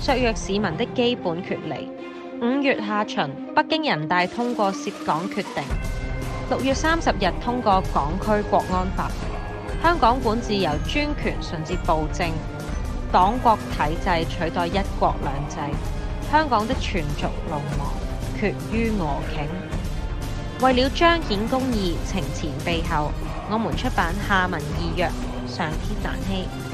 削弱市民的基本權利。五月下旬，北京人大通過涉港決定；六月三十日通過港區國安法。香港管治由專權甚至暴政，黨國體制取代一國兩制。香港的全族龍亡，決於俄頃。為了彰顯公義，懲前毖後，我們出版下文異約，上天難欺。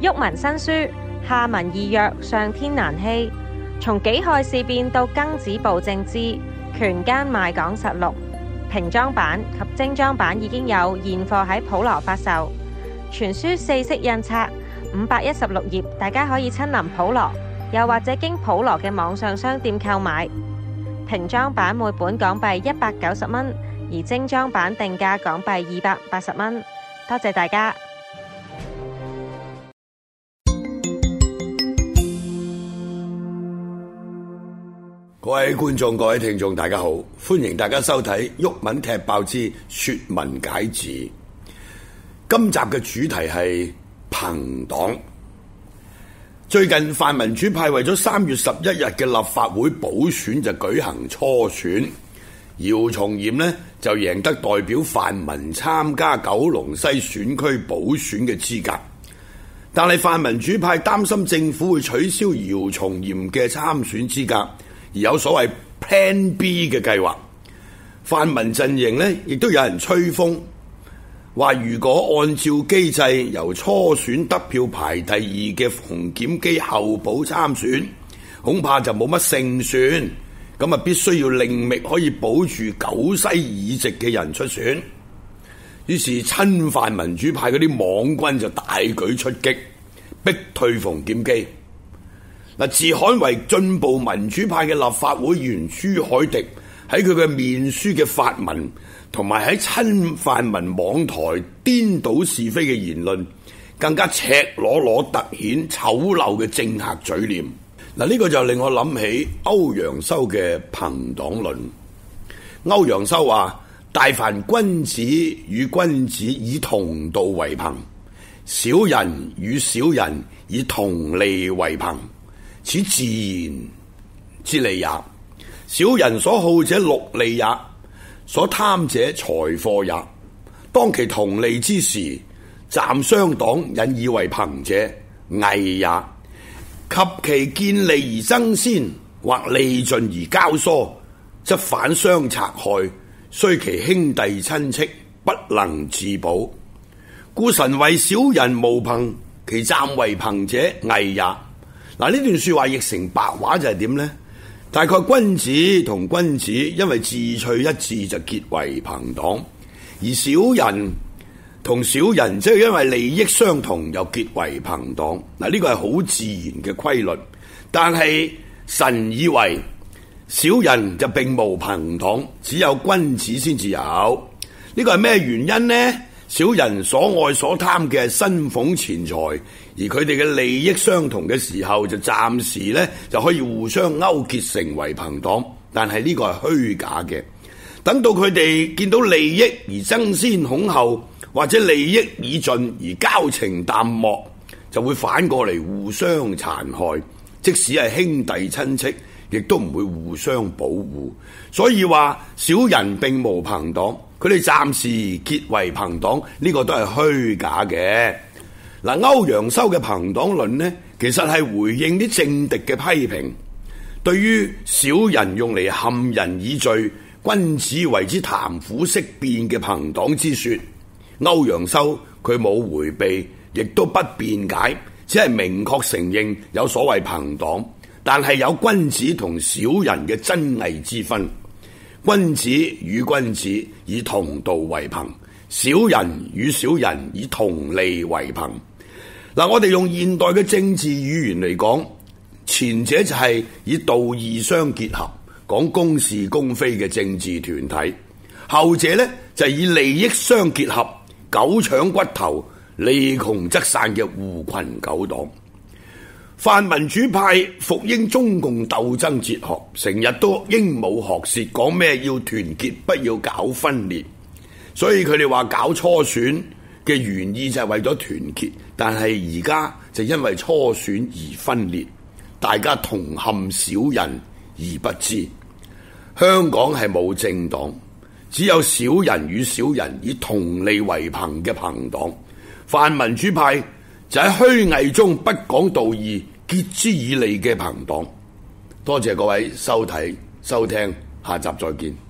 《毓文新書》，下民易虐，上天難欺。從己亥事變到庚子暴政之權奸賣港實錄，平裝版及精裝版已經有現貨喺普羅發售。全書四色印刷，五百一十六頁，大家可以親臨普羅，又或者經普羅嘅網上商店購買。平裝版每本港幣一百九十蚊，而精裝版定價港幣二百八十蚊。多謝大家。各位觀眾、各位聽眾，大家好，歡迎大家收睇《毓民踢爆之說文解字》。今集嘅主題係朋黨。最近泛民主派為咗三月十一日嘅立法會補選就舉行初選，姚松炎呢就贏得代表泛民參加九龍西選區補選嘅資格。但係泛民主派擔心政府會取消姚松炎嘅參選資格。而有所謂 Plan B 嘅計劃，泛民陣營呢亦都有人吹風，話如果按照機制由初選得票排第二嘅馮檢基候補參選，恐怕就冇乜勝算，咁啊必須要另覓可以保住九西議席嘅人出選。於是親泛民主派嗰啲網軍就大舉出擊，逼退馮檢基。嗱，自詡為進步民主派嘅立法會議員朱凱迪喺佢嘅面書嘅發文，同埋喺親泛民網台顛倒是非嘅言論，更加赤裸裸突顯醜陋嘅政客嘴臉。嗱，呢個就令我諗起歐陽修嘅朋黨論。歐陽修話：大凡君子與君子以同道為朋，小人與小人以同利為朋。此自然之理也。小人所好者祿利也，所貪者財貨也。當其同利之時，暫相黨引以為朋者，偽也；及其見利而爭先，或利盡而交疏，則反相賊害，雖其兄弟親戚不能自保。故神謂小人無朋，其暫為朋者偽也。嗱，呢段説話譯成白話就係點呢？大概君子同君子，因為志趣一致就結為朋黨；而小人同小人，即係因為利益相同又結為朋黨。嗱，呢個係好自然嘅規律。但係神以為小人就並無朋黨，只有君子先至有。呢個係咩原因呢？小人所愛所貪嘅係薪俸錢財，而佢哋嘅利益相同嘅時候，就暫時咧就可以互相勾結成為朋黨，但係呢個係虛假嘅。等到佢哋見到利益而爭先恐後，或者利益已盡而交情淡漠，就會反過嚟互相殘害。即使係兄弟親戚，亦都唔會互相保護。所以話小人並無朋黨。佢哋暫時結為朋黨，呢個都係虛假嘅。嗱，歐陽修嘅朋黨論呢，其實係回應啲政敵嘅批評，對於小人用嚟陷人以罪、君子為之談虎色變嘅朋黨之說，歐陽修佢冇回避，亦都不辯解，只係明確承認有所謂朋黨，但係有君子同小人嘅真偽之分。君子與君子以同道為朋，小人與小人以同利為朋。嗱，我哋用現代嘅政治語言嚟講，前者就係以道義相結合，講公是公非嘅政治團體；後者咧就係以利益相結合，狗搶骨頭，利窮則散嘅狐群狗黨。泛民主派服膺中共鬥爭哲學，成日都鸚鵡學舌，講咩要團結，不要搞分裂。所以佢哋話搞初選嘅原意就係為咗團結，但係而家就因為初選而分裂，大家同陷小人而不知。香港係冇政黨，只有小人與小人以同利為朋嘅朋黨。泛民主派就喺虛偽中不講道義。結之以利嘅朋黨，多謝各位收睇收聽，下集再見。